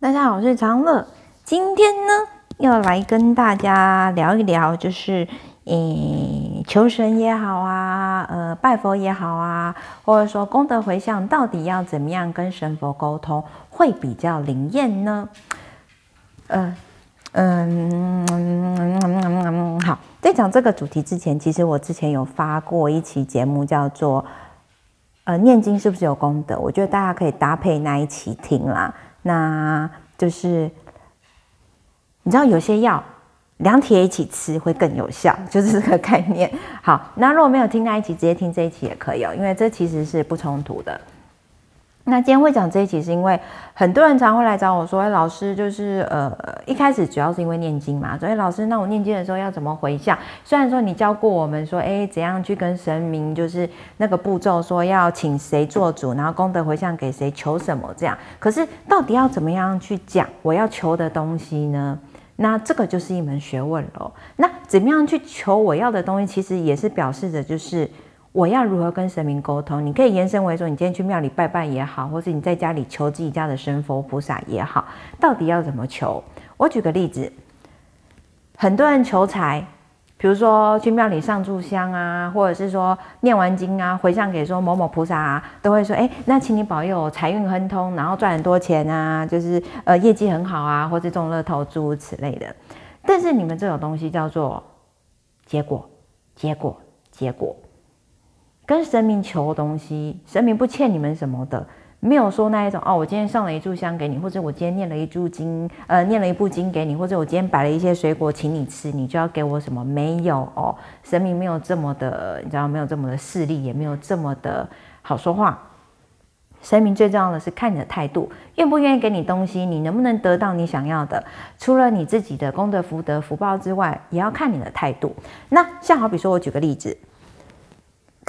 大家好，我是常樂。今天呢，要來跟大家聊一聊，就是誒、嗯，求神也好啊，呃，拜佛也好啊，或者說功德回向，到底要怎麼樣跟神佛溝通會比較靈驗呢？嗯、呃、嗯、呃，好，在講這個主題之前，其實我之前有發過一期節目，叫做“呃，念經是不是有功德？”我覺得大家可以搭配那一期聽啦。那就是，你知道有些藥兩帖一起吃會更有效，就是這個概念。好，那如果沒有聽那一期，直接聽這一期也可以哦、喔，因為這其實是不衝突的。那今天會講這一期，是因為很多人常會來找我說：“哎，老師，就是呃，一開始主要是因為念經嘛，所以老師，那我念經的時候要怎麼回向？雖然說你教過我們說，哎，怎樣去跟神明，就是那個步驟，說要請誰做主，然後功德回向給誰，求什麼這樣。可是到底要怎麼樣去講我要求的東西呢？那這個就是一門學問嘍。那怎麼樣去求我要的東西，其實也是表示着就是。我要如何跟神明溝通？你可以延伸為說，你今天去廟裡拜拜也好，或是你在家裡求自己家的神佛菩薩也好，到底要怎麼求？我舉個例子，很多人求財，比如說去廟裡上柱香啊，或者是說念完經啊，回向給說某某菩薩，啊，都會說：“哎、欸，那請你保佑我財運亨通，然後賺很多錢啊，就是呃業績很好啊，或是中樂透、諸如此類的。”但是你們這種東西叫做結果，結果，結果。跟神明求東西，神明不欠你們什麼的，沒有說那一種哦，我今天上了一炷香給你，或者我今天念了一炷經，呃，念了一部經給你，或者我今天擺了一些水果請你吃，你就要給我什麼？沒有哦，神明沒有這麼的，你知道沒有這麼的勢利，也沒有這麼的好說話。神明最重要的是看你的態度，願不願意給你東西，你能不能得到你想要的？除了你自己的功德福德福報之外，也要看你的態度。那像好比說，我舉個例子。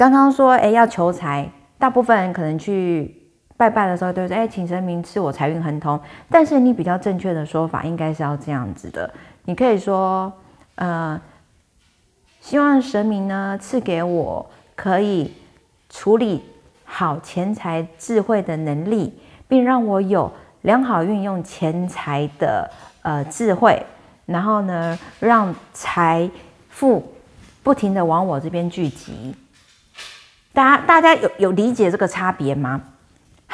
剛剛說，哎，要求財，大部分人可能去拜拜的時候都說，都是哎，請神明賜我財運亨通。但是你比較正確的說法，應該是要這樣子的。你可以說，呃，希望神明呢賜給我可以處理好錢財智慧的能力，並讓我有良好運用錢財的呃智慧，然後呢，讓財富不停地往我這邊聚集。大家，大家有有理解這個差別嗎？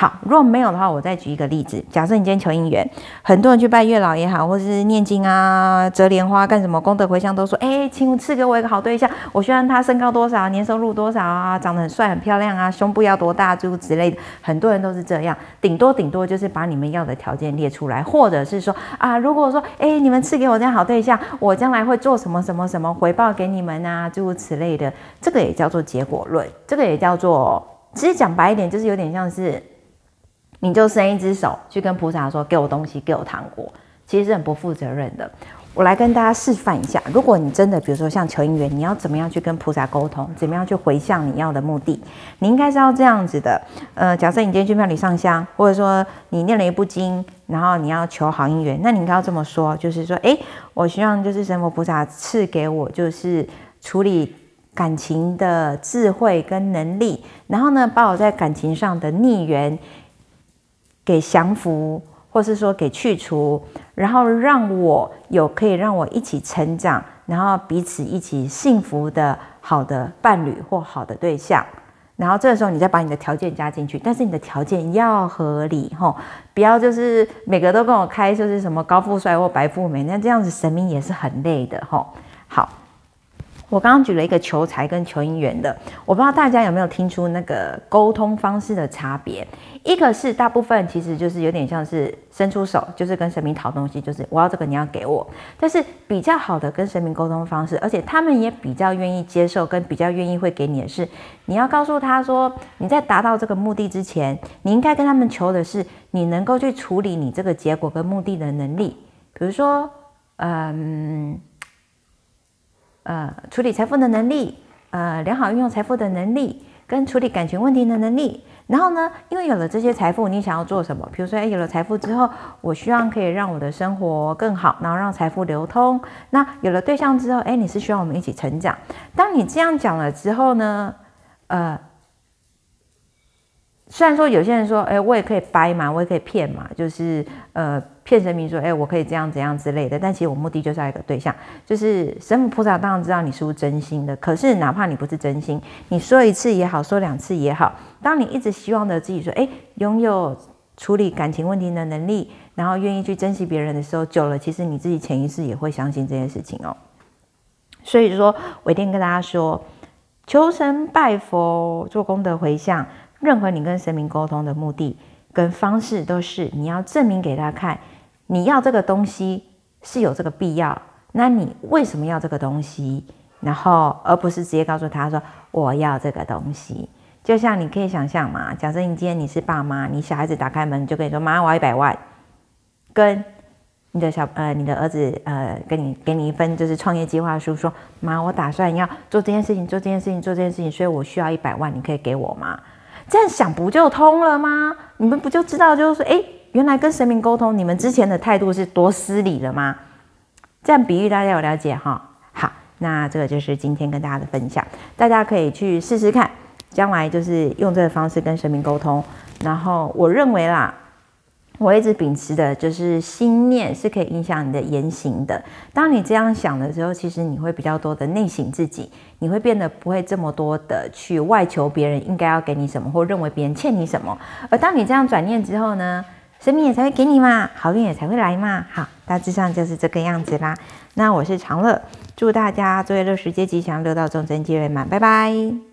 好，如果沒有的話，我再舉一個例子。假設你今天求姻緣，很多人去拜月老也好，或是念經啊、折蓮花幹什麼，功德回向都說：誒、欸，請賜給我一個好對象。我希望他身高多少，年收入多少啊，長得很帥很漂亮啊，胸部要多大，諸如此類的。很多人都是這樣，頂多頂多就是把你們要的條件列出來，或者是說啊，如果說誒、欸，你們賜給我這樣好對象，我將來會做什麼什麼什麼回報給你們啊，諸如此類的。這個也叫做結果論，這個也叫做，其實講白一點，就是有點像是。你就伸一隻手去跟菩薩說：“給我東西，給我糖果。”其實是很不負責任的。我來跟大家示範一下，如果你真的，比如說像求姻緣，你要怎麼樣去跟菩薩溝通？怎麼樣去回向你要的目的？你應該是要這樣子的。呃，假設你今天去廟裡上香，或者說你念了一部經，然後你要求好姻緣，那你應該要這麼說，就是說：“誒、欸，我希望就是神佛菩薩賜給我就是處理感情的智慧跟能力，然後呢，把我在感情上的逆緣。”給降服，或是說給去除，然後讓我有可以讓我一起成長，然後彼此一起幸福的好的伴侶或好的對象，然後這個時候你再把你的條件加進去，但是你的條件要合理吼、哦，不要就是每個都跟我開，就是什麼高富帥或白富美，那這樣子神明也是很累的吼、哦。好。我剛剛舉了一個求財跟求姻緣的，我不知道大家有沒有聽出那個溝通方式的差別。一個是大部分其實就是有點像是伸出手，就是跟神明討東西，就是我要這個，你要給我。但是比較好的跟神明溝通方式，而且他們也比較願意接受跟比較願意會給你的是，是你要告訴他說，你在達到這個目的之前，你應該跟他們求的是你能夠去處理你這個結果跟目的的能力。比如說，嗯。呃，處理財富的能力，呃，良好運用財富的能力，跟處理感情問題的能力。然後呢，因為有了這些財富，你想要做什麼？比如說，哎、欸，有了財富之後，我希望可以讓我的生活更好，然後讓財富流通。那有了對象之後，哎、欸，你是希望我們一起成長。當你這樣講了之後呢，呃。雖然說有些人說，哎、欸，我也可以掰嘛，我也可以騙嘛，就是呃騙神明說，哎、欸，我可以這樣、怎樣之類的。但其實我目的就是要一個對象，就是神佛菩薩當然知道你是不是真心的。可是哪怕你不是真心，你說一次也好，說兩次也好，當你一直希望着自己說，哎、欸，擁有處理感情問題的能力，然後願意去珍惜別人的時候，久了，其實你自己潛意識也會相信這件事情哦、喔。所以說，我一定跟大家說，求神拜佛，做功德回向。任何你跟神明溝通的目的跟方式，都是你要證明給他看，你要這個東西，是有這個必要。那你為什麼要這個東西？然後而不是直接告訴他說，我要這個東西。就像你可以想象嘛，假設你今天你是爸媽，你小孩子打開門就跟你說：“媽，我要一百萬。”跟你的小呃你的兒子呃給你給你一份就是創業計劃書，說：“媽，我打算要做這件事情，做這件事情，做這件事情，所以我需要一百萬，你可以給我嗎？”這樣想不就通了嗎？你們不就知道，就是說誒、欸，原來跟神明溝通，你們之前的態度是多失禮了嗎？這樣比喻大家有了解哈。好，那這個就是今天跟大家的分享，大家可以去試試看，將來就是用這個方式跟神明溝通。然後我認為啦。我一直秉持的就是心念是可以影響你的言行的。當你這樣想的時候，其實你會比較多的內省自己，你會變得不會這麼多的去外求別人應該要給你什麼，或認為別人欠你什麼。而當你這樣轉念之後呢，神明也才會給你嘛，好運也才會來嘛。好，大致上就是這個樣子啦。那我是常樂，祝大家晝夜六時皆吉祥，六道眾生皆圓滿，拜拜。